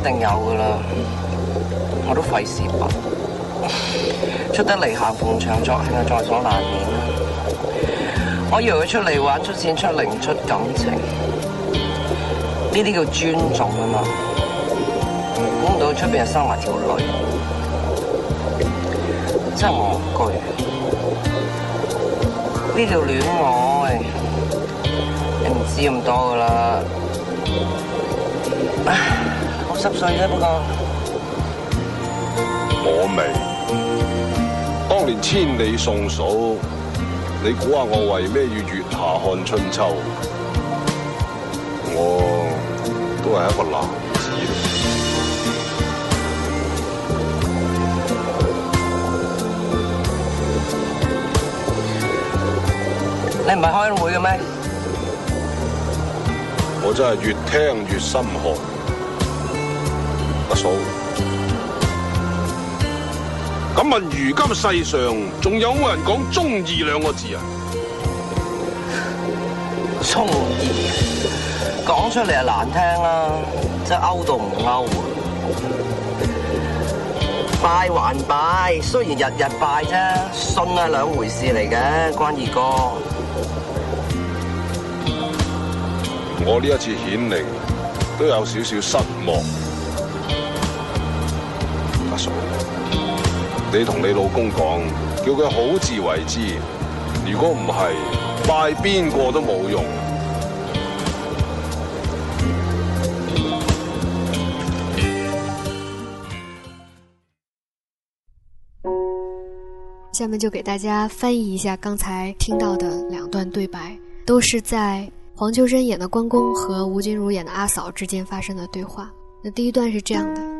一定有噶啦，我都費事問。出得嚟行逢場作興啊，在所難免啦。我以為佢出嚟玩出錢出零出感情，呢啲叫尊重啊嘛。估、嗯、唔到出邊生埋條女，真戇居。呢條戀愛你唔知咁多啦。十歲啫，不過我未。當年千里送嫂，你估下我為咩要月下看春秋？我都係一個男子。你唔係開會嘅咩？我真係越聽越心寒。咁問，如今世上仲有冇人講忠義兩個字啊？忠義講出嚟啊難聽啦，真係勾到唔勾。拜還拜，雖然日日拜啫，信係啊，兩回事嚟嘅，關二哥。我呢一次顯靈，都有少少失望。你同你老公講，叫佢好自為之。如果唔係，拜邊個都冇用。下面就給大家翻譯一下剛才聽到的兩段對白，都是在黃秋生演的關公和吳君如演的阿嫂之間發生的對話。那第一段是這樣的。